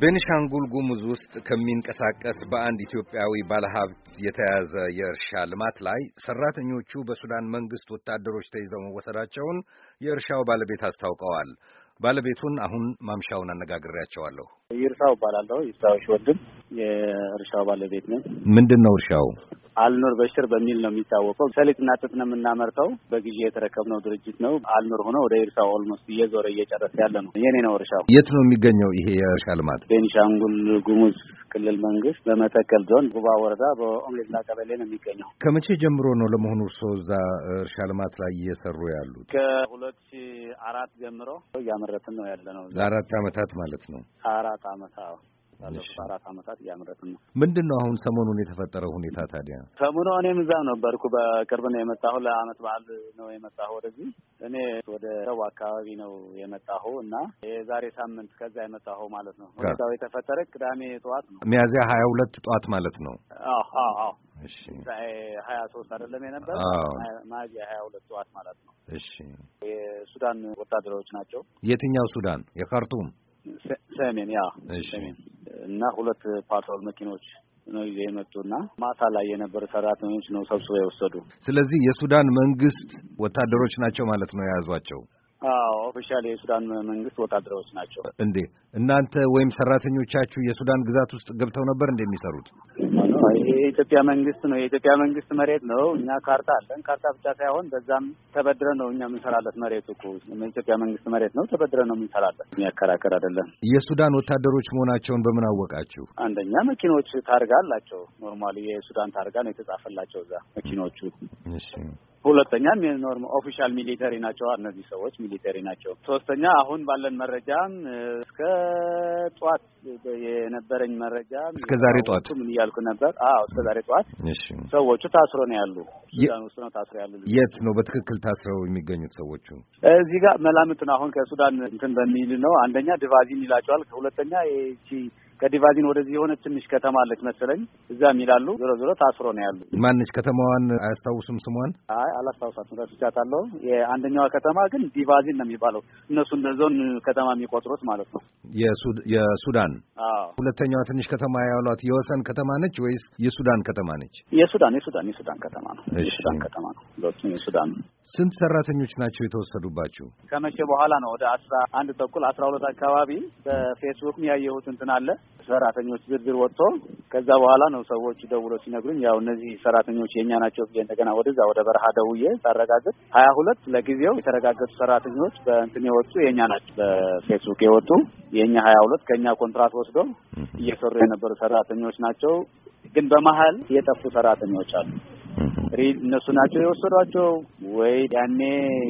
በኒሻንጉል ጉሙዝ ውስጥ ከሚንቀሳቀስ በአንድ ኢትዮጵያዊ ባለሀብት የተያዘ የእርሻ ልማት ላይ ሰራተኞቹ በሱዳን መንግስት ወታደሮች ተይዘው መወሰዳቸውን የእርሻው ባለቤት አስታውቀዋል። ባለቤቱን አሁን ማምሻውን አነጋግሬያቸዋለሁ። ይርሳው እባላለሁ። ይርሳዎች ወንድም የእርሻው ባለቤት ነ ምንድን ነው እርሻው? አልኖር በሽር በሚል ነው የሚታወቀው። ሰሊጥና ጥጥ ነው የምናመርተው። በጊዜ የተረከብነው ድርጅት ነው። አልኖር ሆኖ ወደ ኤርሳ ኦልሞስት እየዞረ እየጨረሰ ያለ ነው። የኔ ነው እርሻው። የት ነው የሚገኘው ይሄ የእርሻ ልማት? ቤኒሻንጉል ጉሙዝ ክልል መንግስት በመተከል ዞን ጉባ ወረዳ በኦምሌትላ ቀበሌ ነው የሚገኘው። ከመቼ ጀምሮ ነው ለመሆኑ እርስዎ እዛ እርሻ ልማት ላይ እየሰሩ ያሉት? ከሁለት ሺ አራት ጀምሮ እያመረትን ነው ያለ ነው። ለአራት አመታት ማለት ነው። አራት አመት አዎ። አራት ዓመታት እያመረትን ነው። ምንድን ነው አሁን ሰሞኑን የተፈጠረው ሁኔታ ታዲያ? ሰሞኑ እኔም እዛም ነበርኩ። በቅርብ ነው የመጣሁ። ለአመት በዓል ነው የመጣሁ ወደዚህ። እኔ ወደ ሰው አካባቢ ነው የመጣሁ እና የዛሬ ሳምንት ከዛ የመጣሁ ማለት ነው። ሁኔታው የተፈጠረ ቅዳሜ ጠዋት ነው፣ ሚያዚያ ሀያ ሁለት ጠዋት ማለት ነው። አዎ አዎ አዎ ሀያ ሶስት አይደለም የነበር ሚያዝያ ሀያ ሁለት ጠዋት ማለት ነው። እሺ የሱዳን ወታደሮች ናቸው። የትኛው ሱዳን? የካርቱም ሰሜን ያ ሰሜን እና ሁለት ፓትሮል መኪኖች ነው ይዘው የመጡና ማታ ላይ የነበሩ ሰራተኞች ነው ሰብስበው የወሰዱ። ስለዚህ የሱዳን መንግስት ወታደሮች ናቸው ማለት ነው የያዟቸው? አዎ ኦፊሻል የሱዳን መንግስት ወታደሮች ናቸው። እንዴ እናንተ ወይም ሰራተኞቻችሁ የሱዳን ግዛት ውስጥ ገብተው ነበር እንደሚሰሩት የኢትዮጵያ መንግስት ነው፣ የኢትዮጵያ መንግስት መሬት ነው። እኛ ካርታ አለን። ካርታ ብቻ ሳይሆን በዛም ተበድረን ነው እኛ የምንሰራለት። መሬቱ እኮ የኢትዮጵያ መንግስት መሬት ነው፣ ተበድረ ነው የምንሰራለት። የሚያከራከር አይደለም። የሱዳን ወታደሮች መሆናቸውን በምን አወቃችሁ? አንደኛ መኪኖች ታርጋ አላቸው። ኖርማሊ የሱዳን ታርጋ ነው የተጻፈላቸው እዛ መኪኖቹ ሁለተኛም የኖርማ ኦፊሻል ሚሊተሪ ናቸው እነዚህ ሰዎች ሚሊተሪ ናቸው። ሶስተኛ አሁን ባለን መረጃም እስከ ጠዋት የነበረኝ መረጃ እስከ ዛሬ ጠዋት ምን እያልኩ ነበር? አዎ እስከ ዛሬ ጠዋት ሰዎቹ ታስሮ ነው ያሉ፣ ሱዳን ውስጥ ነው ታስሮ ያሉ። የት ነው በትክክል ታስረው የሚገኙት ሰዎቹ? እዚህ ጋር መላምት ነው። አሁን ከሱዳን እንትን በሚል ነው አንደኛ ድቫዚን ይላቸዋል፣ ሁለተኛ ይቺ ከዲቫዚን ወደዚህ የሆነ ትንሽ ከተማ አለች መሰለኝ እዛም ይላሉ። ዞሮ ዞሮ ታስሮ ነው ያሉ። ማንች ከተማዋን አያስታውሱም? ስሟን? አይ አላስታውሳትም፣ ረስቻታለሁ። የአንደኛዋ ከተማ ግን ዲቫዚን ነው የሚባለው እነሱ እንደ ዞን ከተማ የሚቆጥሩት ማለት ነው። የሱዳን ሁለተኛዋ ትንሽ ከተማ ያሏት የወሰን ከተማ ነች ወይስ የሱዳን ከተማ ነች? የሱዳን የሱዳን የሱዳን ከተማ ነው። የሱዳን ከተማ ነው። የሱዳን ስንት ሰራተኞች ናቸው የተወሰዱባችሁ? ከመቼ በኋላ ነው ወደ አስራ አንድ ተኩል አስራ ሁለት አካባቢ በፌስቡክ ያየሁት እንትን አለ ሰራተኞች ዝርዝር ወጥቶ ከዛ በኋላ ነው ሰዎች ደውሎ ሲነግሩኝ ያው እነዚህ ሰራተኞች የእኛ ናቸው ብዬ እንደገና ወደዛ ወደ በረሃ ደውዬ ሳረጋግጥ ሀያ ሁለት ለጊዜው የተረጋገጡ ሰራተኞች በእንትን የወጡ የእኛ ናቸው በፌስቡክ የወጡ የእኛ ሀያ ሁለት ከእኛ ኮንትራት ወስዶ እየሰሩ የነበሩ ሰራተኞች ናቸው። ግን በመሀል የጠፉ ሰራተኞች አሉ። እነሱ ናቸው የወሰዷቸው ወይ ያኔ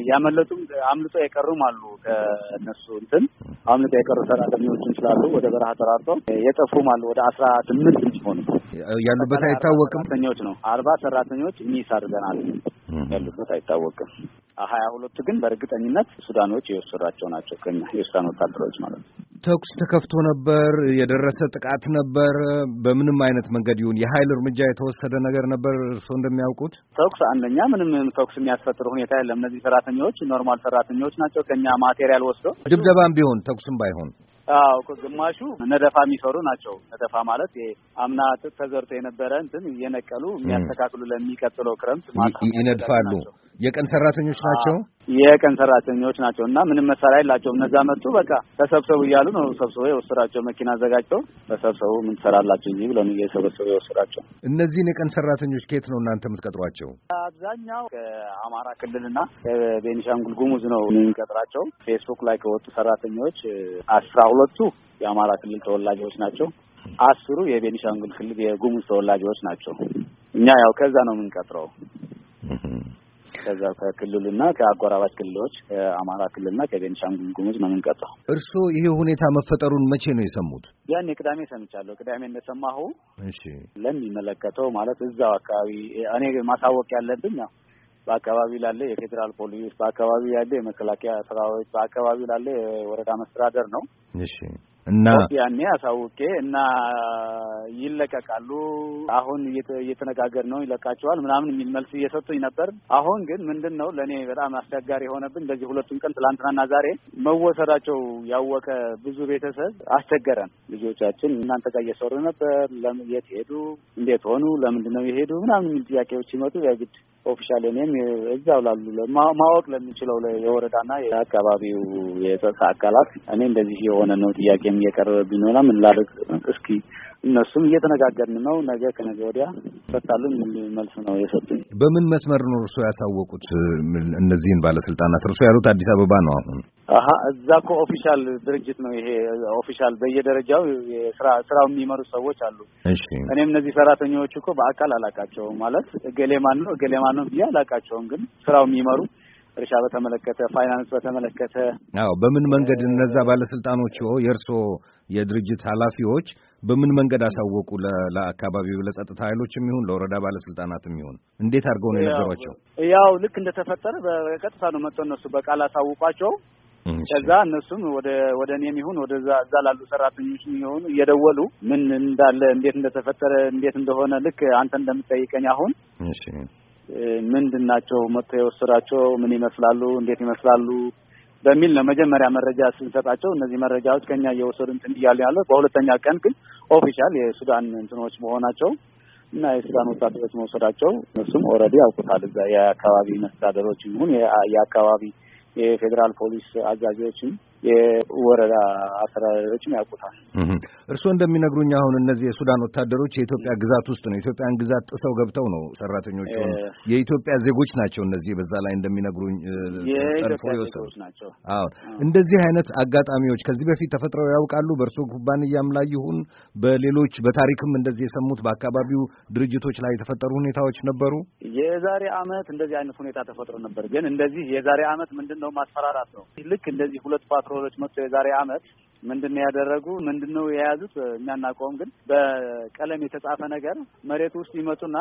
ያመለጡም አምልጦ የቀሩም አሉ። ከእነሱ እንትን አምልጦ የቀሩ ሰራተኞችም ስላሉ ወደ በረሃ ተራርቶ የጠፉም አሉ። ወደ አስራ ስምንት ሆኑ ያሉበት አይታወቅም። ሰራተኞች ነው አርባ ሰራተኞች ሚስ አድርገናል። ያሉበት አይታወቅም። ሀያ ሁለቱ ግን በእርግጠኝነት ሱዳኖች የወሰዷቸው ናቸው። ከኛ የሱዳን ወታደሮች ማለት ነው። ተኩስ ተከፍቶ ነበር? የደረሰ ጥቃት ነበር? በምንም አይነት መንገድ ይሁን የኃይል እርምጃ የተወሰደ ነገር ነበር? እርስዎ እንደሚያውቁት ተኩስ አንደኛ ምንም ተኩስ የሚያስፈጥር ሁኔታ የለም። እነዚህ ሰራተኞች ኖርማል ሰራተኞች ናቸው። ከኛ ማቴሪያል ወስዶ ድብደባም ቢሆን ተኩስም ባይሆን አዎ ግማሹ ነደፋ የሚሰሩ ናቸው። ነደፋ ማለት አምና ተዘርቶ የነበረ እንትን እየነቀሉ የሚያስተካክሉ ለሚቀጥለው ክረምት ይነድፋሉ። የቀን ሰራተኞች ናቸው የቀን ሰራተኞች ናቸው እና ምንም መሳሪያ የላቸውም። እነዛ መጡ በቃ ተሰብሰቡ እያሉ ነው ሰብስቦ የወሰዳቸው መኪና አዘጋጅተው ተሰብሰቡ ምን ትሰራላችሁ እዚህ ብለው እየሰበሰቡ የወሰዳቸው። እነዚህን የቀን ሰራተኞች ከየት ነው እናንተ የምትቀጥሯቸው? አብዛኛው ከአማራ ክልልና ከቤኒሻንጉል ጉሙዝ ነው የሚቀጥራቸው። ፌስቡክ ላይ ከወጡ ሰራተኞች አስራ ሁለቱ የአማራ ክልል ተወላጆች ናቸው። አስሩ የቤኒሻንጉል ክልል የጉሙዝ ተወላጆች ናቸው። እኛ ያው ከዛ ነው የምንቀጥረው። ከዛ ከክልሉና ከአጎራባች ክልሎች አማራ ክልልና ከቤንሻንጉል ጉሙዝ ነው የምንቀጣው። እርስዎ ይሄ ሁኔታ መፈጠሩን መቼ ነው የሰሙት? ያን ቅዳሜ ሰምቻለሁ። ቅዳሜ እንደሰማሁ ለሚመለከተው ማለት እዛው አካባቢ እኔ ማሳወቅ ያለብኝ ያው በአካባቢ ላለ የፌዴራል ፖሊስ፣ በአካባቢ ያለ የመከላከያ ሰራዊት፣ በአካባቢው ላለ የወረዳ መስተዳደር ነው። እና ያኔ አሳውቄ እና ይለቀቃሉ አሁን እየተነጋገር ነው ይለቃቸዋል ምናምን የሚል መልስ እየሰጡኝ ነበር። አሁን ግን ምንድን ነው ለእኔ በጣም አስቸጋሪ የሆነብን በዚህ ሁለቱም ቀን ትላንትናና ዛሬ መወሰዳቸው ያወቀ ብዙ ቤተሰብ አስቸገረን። ልጆቻችን እናንተ ጋር እየሰሩ ነበር፣ ለምን የት ሄዱ፣ እንዴት ሆኑ፣ ለምንድን ነው የሄዱ ምናምን የሚል ጥያቄዎች ሲመጡ ያግድ ኦፊሻል እኔም እዛው ላሉ ማወቅ ለሚችለው የወረዳና የአካባቢው የጸጥታ አካላት እኔ እንደዚህ የሆነ ነው ጥያቄም እየቀረበብኝ ሆነ ምን ላደርግ እስኪ እነሱም እየተነጋገርን ነው። ነገ ከነገ ወዲያ ይፈታሉን መልስ ነው የሰጡኝ። በምን መስመር ነው እርሶ ያሳወቁት እነዚህን ባለስልጣናት? እርሶ ያሉት አዲስ አበባ ነው አሁን አሀ እዛ እኮ ኦፊሻል ድርጅት ነው ይሄ ኦፊሻል በየደረጃው የስራ ስራው የሚመሩ ሰዎች አሉ። እሺ እኔም እነዚህ ሰራተኞች እኮ በአካል አላቃቸውም ማለት እገሌማን ነው እገሌማን ነው ብዬ አላቃቸውም። ግን ስራው የሚመሩ እርሻ በተመለከተ ፋይናንስ በተመለከተ አዎ፣ በምን መንገድ እነዛ ባለስልጣኖች የእርሶ የድርጅት ኃላፊዎች በምን መንገድ አሳወቁ? ለአካባቢው ለጸጥታ ኃይሎችም ይሁን ለወረዳ ባለስልጣናትም ይሁን እንዴት አድርገው ነው የነገሯቸው? ያው ልክ እንደተፈጠረ በቀጥታ ነው መጥተው እነሱ በቃል አሳውቋቸው ከዛ እነሱም ወደ ወደ እኔም ይሁን ወደ እዛ ላሉ ሰራተኞች ይሁን እየደወሉ ምን እንዳለ እንዴት እንደተፈጠረ እንዴት እንደሆነ ልክ አንተ እንደምጠይቀኝ አሁን ምንድን ናቸው መጥቶ የወሰዳቸው ምን ይመስላሉ እንዴት ይመስላሉ በሚል ነው መጀመሪያ መረጃ ስንሰጣቸው እነዚህ መረጃዎች ከኛ እየወሰዱ እንትን እያሉ ያለ። በሁለተኛ ቀን ግን ኦፊሻል የሱዳን እንትኖች መሆናቸው እና የሱዳን ወታደሮች መውሰዳቸው እሱም ኦልሬዲ ያውቁታል። እዛ የአካባቢ መስተዳደሮች ይሁን የአካባቢ የፌዴራል ፖሊስ አዛዦችም የወረዳ አስተዳዳሪዎችም ያውቁታል። እርስዎ እንደሚነግሩኝ አሁን እነዚህ የሱዳን ወታደሮች የኢትዮጵያ ግዛት ውስጥ ነው የኢትዮጵያን ግዛት ጥሰው ገብተው ነው ሰራተኞች የኢትዮጵያ ዜጎች ናቸው። እነዚህ በዛ ላይ እንደሚነግሩኝ ጠልፎ ይወሰዱ ናቸው። እንደዚህ አይነት አጋጣሚዎች ከዚህ በፊት ተፈጥረው ያውቃሉ? በእርስዎ ኩባንያም ላይ ይሁን በሌሎች በታሪክም እንደዚህ የሰሙት በአካባቢው ድርጅቶች ላይ የተፈጠሩ ሁኔታዎች ነበሩ? የዛሬ አመት እንደዚህ አይነት ሁኔታ ተፈጥሮ ነበር። ግን እንደዚህ የዛሬ አመት ምንድን ነው ማስፈራራት ነው ልክ እንደዚህ ሁለት ፓትሮሎች መጥተው የዛሬ አመት ምንድን ነው ያደረጉ? ምንድን ነው የያዙት? እኛ እናውቀውም፣ ግን በቀለም የተጻፈ ነገር መሬት ውስጥ ይመጡና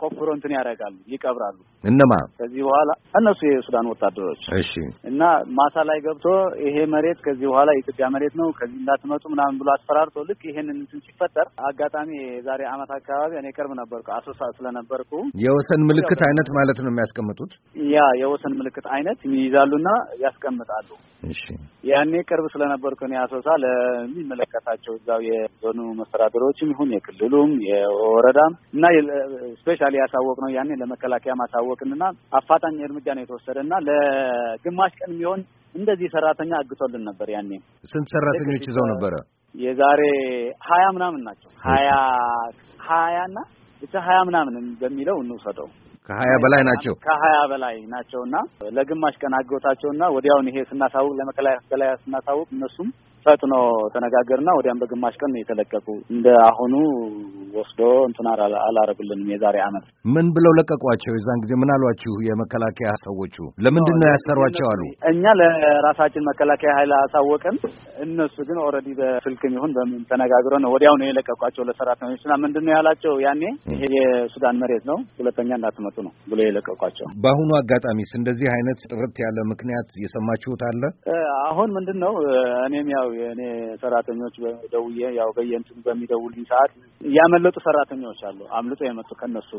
ቆፍሮ እንትን ያደርጋሉ፣ ይቀብራሉ። እነማ ከዚህ በኋላ እነሱ የሱዳን ወታደሮች። እሺ። እና ማሳ ላይ ገብቶ ይሄ መሬት ከዚህ በኋላ የኢትዮጵያ መሬት ነው፣ ከዚህ እንዳትመጡ ምናምን ብሎ አስፈራርቶ ልክ ይሄንን እንትን ሲፈጠር አጋጣሚ የዛሬ አመት አካባቢ እኔ ቅርብ ነበርኩ፣ አሶሳ ስለነበርኩ የወሰን ምልክት አይነት ማለት ነው የሚያስቀምጡት። ያ የወሰን ምልክት አይነት ይይዛሉና ያስቀምጣሉ። እሺ። ያኔ ቅርብ ስለነበርኩ እኔ አሶሳ ለሚመለከታቸው እዛው የዞኑ መስተዳደሮችም ይሁን የክልሉም የወረዳም እና ስፔሻሊ ያሳወቅ ነው ያኔ ለመከላከያ ማሳወቅንና አፋጣኝ እርምጃ ነው የተወሰደ እና ለግማሽ ቀን የሚሆን እንደዚህ ሰራተኛ አግቶልን ነበር። ያኔ ስንት ሰራተኞች ይዘው ነበረ? የዛሬ ሀያ ምናምን ናቸው ሀያ ሀያ እና ብቻ ሀያ ምናምን በሚለው እንውሰደው ከሀያ በላይ ናቸው ከሀያ በላይ ናቸውና ለግማሽ ቀን አገውታቸውና ወዲያውን ይሄ ስናሳውቅ ለመከላከያ ስናሳውቅ እነሱም ፈጥኖ ተነጋገርና ወዲያም በግማሽ ቀን ነው የተለቀቁ። እንደ አሁኑ ወስዶ እንትን አላረጉልንም። የዛሬ አመት ምን ብለው ለቀቋቸው? የዛን ጊዜ ምን አሏችሁ? የመከላከያ ሰዎቹ ለምንድን ነው ያሰሯቸው አሉ። እኛ ለራሳችን መከላከያ ኃይል አሳወቅን። እነሱ ግን ኦልሬዲ በስልክም ይሁን በምን ተነጋግረው ነው ወዲያው ነው የለቀቋቸው ለሰራተኞችና ምንድን ነው ያላቸው ያኔ ይሄ የሱዳን መሬት ነው፣ ሁለተኛ እንዳትመ እየመረጡ ነው ብሎ የለቀቋቸው። በአሁኑ አጋጣሚስ እንደዚህ አይነት ጥርት ያለ ምክንያት የሰማችሁት አለ? አሁን ምንድን ነው እኔም ያው የእኔ ሰራተኞች ደውዬ ያው በየእንትኑ በሚደውልኝ ሰዓት ያመለጡ ሰራተኞች አሉ። አምልጦ የመጡ ከነሱ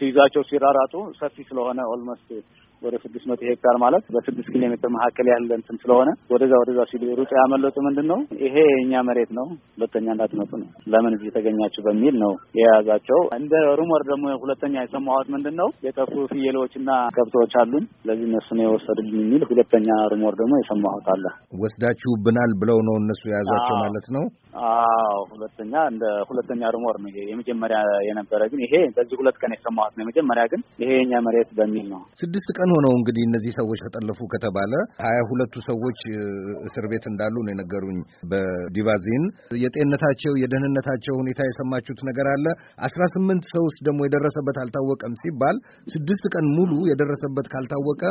ሲይዟቸው ሲራራጡ ሰፊ ስለሆነ ኦልሞስት ወደ ስድስት መቶ ሄክታር ማለት በስድስት ኪሎ ሜትር መካከል ያለ እንትን ስለሆነ ወደዛ ወደዛ ሲሉ ሩጫ ያመለጡ ምንድን ነው ይሄ የእኛ መሬት ነው፣ ሁለተኛ እንዳትመጡ ነው፣ ለምን እዚህ ተገኛችሁ በሚል ነው የያዛቸው። እንደ ሩሞር ደግሞ ሁለተኛ የሰማሁት ምንድን ነው የጠፉ ፍየሎችና ከብቶች አሉን፣ ለዚህ ነው የወሰዱልኝ የሚል ሁለተኛ ሩሞር ደግሞ የሰማሁት አለ። ወስዳችሁብናል ብለው ነው እነሱ የያዟቸው ማለት ነው። አዎ ሁለተኛ እንደ ሁለተኛ ሩሞር ነው። የመጀመሪያ የነበረ ግን ይሄ በዚህ ሁለት ቀን የሰማሁት ነው። የመጀመሪያ ግን ይሄ የኛ መሬት በሚል ነው። ስድስት ቀን ሆኖ ነው እንግዲህ እነዚህ ሰዎች ተጠለፉ ከተባለ ሀያ ሁለቱ ሰዎች እስር ቤት እንዳሉ ነው የነገሩኝ በዲቫዚን። የጤንነታቸው የደህንነታቸው ሁኔታ የሰማችሁት ነገር አለ። አስራ ስምንት ሰውስ ደግሞ የደረሰበት አልታወቀም ሲባል ስድስት ቀን ሙሉ የደረሰበት ካልታወቀ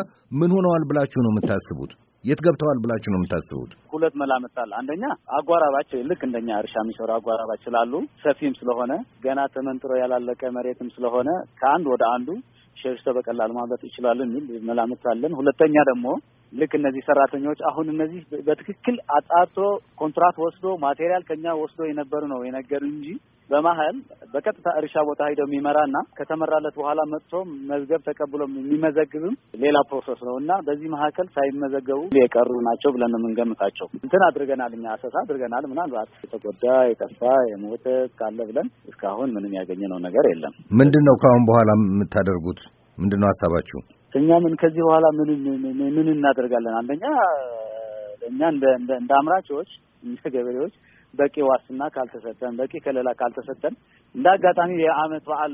ምን ሆነዋል ብላችሁ ነው የምታስቡት? የት ገብተዋል ብላችሁ ነው የምታስቡት? ሁለት መላምት አለ። አንደኛ አጓራባቸው ልክ እንደኛ እርሻ የሚሰሩ አጓራባች ስላሉ ሰፊም ስለሆነ ገና ተመንጥሮ ያላለቀ መሬትም ስለሆነ ከአንድ ወደ አንዱ ሸሽተው በቀላሉ ማምረት ይችላሉ የሚል መላምት አለን። ሁለተኛ ደግሞ ልክ እነዚህ ሰራተኞች አሁን እነዚህ በትክክል አጣርቶ ኮንትራት ወስዶ ማቴሪያል ከኛ ወስዶ የነበሩ ነው የነገሩ እንጂ በመሀል በቀጥታ እርሻ ቦታ ሂደው የሚመራና ከተመራለት በኋላ መጥቶ መዝገብ ተቀብሎ የሚመዘግብም ሌላ ፕሮሰስ ነው እና በዚህ መካከል ሳይመዘገቡ የቀሩ ናቸው ብለን የምንገምታቸው እንትን አድርገናል። እኛ አሰሳ አድርገናል። ምናልባት የተጎዳ የጠፋ የሞተ ካለ ብለን እስካሁን ምንም ያገኘነው ነገር የለም። ምንድን ነው ከአሁን በኋላ የምታደርጉት? ምንድን ነው ሀሳባችሁ? እኛ ምን ከዚህ በኋላ ምን ምን እናደርጋለን? አንደኛ እኛ እንደ እንደ አምራቾች እንደ ገበሬዎች በቂ ዋስና ካልተሰጠን፣ በቂ ከለላ ካልተሰጠን እንደ አጋጣሚ የአመት በዓል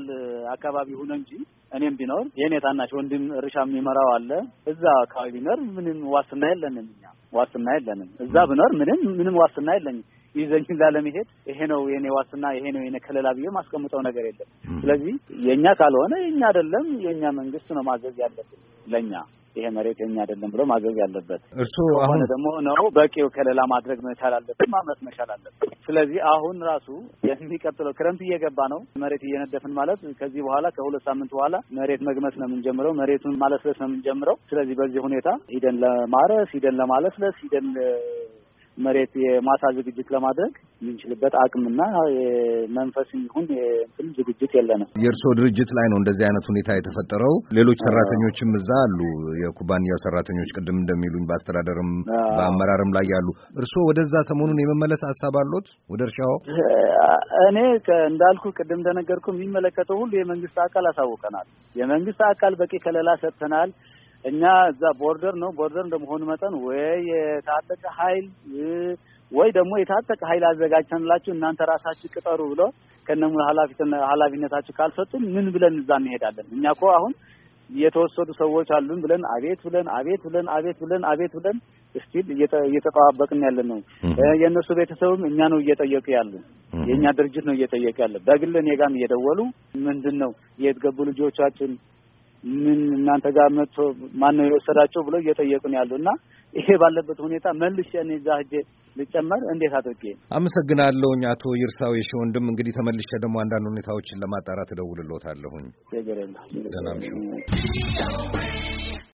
አካባቢ ሆነ እንጂ እኔም ቢኖር የእኔ ታናሽ ወንድም እርሻ የሚመራው አለ። እዛ አካባቢ ቢኖር ምንም ዋስና የለንም፣ እኛ ዋስና የለንም። እዛ ብኖር ምንም ምንም ዋስና የለኝም። ይዘኝን ላለመሄድ ይሄ ነው የኔ ዋስና፣ ይሄ ነው የኔ ከለላ ብዬ ማስቀምጠው ነገር የለም። ስለዚህ የእኛ ካልሆነ የእኛ አይደለም የእኛ መንግስት ነው ማዘዝ ያለብን ለእኛ ይሄ መሬት የኛ አይደለም ብሎ ማዘዝ ያለበት እርሱ አሁን ደግሞ ነው በቂው ከለላ ማድረግ መቻል አለብን፣ ማምረት መቻል አለብን። ስለዚህ አሁን ራሱ የሚቀጥለው ክረምት እየገባ ነው። መሬት እየነደፍን ማለት ከዚህ በኋላ ከሁለት ሳምንት በኋላ መሬት መግመት ነው የምንጀምረው፣ መሬቱን ማለስለስ ነው የምንጀምረው። ስለዚህ በዚህ ሁኔታ ሂደን ለማረስ ሂደን ለማለስለስ ሂደን መሬት የማሳ ዝግጅት ለማድረግ የምንችልበት አቅምና መንፈስ ይሁን እንትን ዝግጅት የለንም። የእርስዎ ድርጅት ላይ ነው እንደዚህ አይነት ሁኔታ የተፈጠረው? ሌሎች ሰራተኞችም እዛ አሉ፣ የኩባንያው ሰራተኞች ቅድም እንደሚሉኝ በአስተዳደርም በአመራርም ላይ ያሉ። እርስዎ ወደዛ ሰሞኑን የመመለስ ሀሳብ አሎት ወደ እርሻው? እኔ እንዳልኩ ቅድም እንደነገርኩ የሚመለከተው ሁሉ የመንግስት አካል አሳውቀናል። የመንግስት አካል በቂ ከለላ ሰጥተናል። እኛ እዛ ቦርደር ነው። ቦርደር እንደመሆኑ መጠን ወይ የታጠቀ ኃይል ወይ ደግሞ የታጠቀ ኃይል አዘጋጅተንላችሁ እናንተ ራሳችሁ ቅጠሩ ብሎ ከነሙ ኃላፊነታችሁ ካልሰጡን ምን ብለን እዛ እንሄዳለን? እኛ እኮ አሁን የተወሰዱ ሰዎች አሉን ብለን አቤት ብለን አቤት ብለን አቤት ብለን አቤት ብለን እስቲል እየተጠባበቅን ያለ ነው። የእነሱ ቤተሰብም እኛ ነው እየጠየቁ ያሉ፣ የእኛ ድርጅት ነው እየጠየቁ ያለ። በግል እኔ ጋም እየደወሉ ምንድን ነው የት ገቡ ልጆቻችን ምን እናንተ ጋር መጥቶ ማን ነው የወሰዳቸው ብሎ እየጠየቁን ያሉ እና ይሄ ባለበት ሁኔታ መልሼ እኔ እዛ ሂጄ ልጨመር እንዴት አድርጌ? አመሰግናለሁኝ። አቶ ይርሳው የሺ ወንድም እንግዲህ ተመልሼ ደግሞ አንዳንድ ሁኔታዎችን ለማጣራት እደውልልዎታለሁኝ። ደህና እምሽው።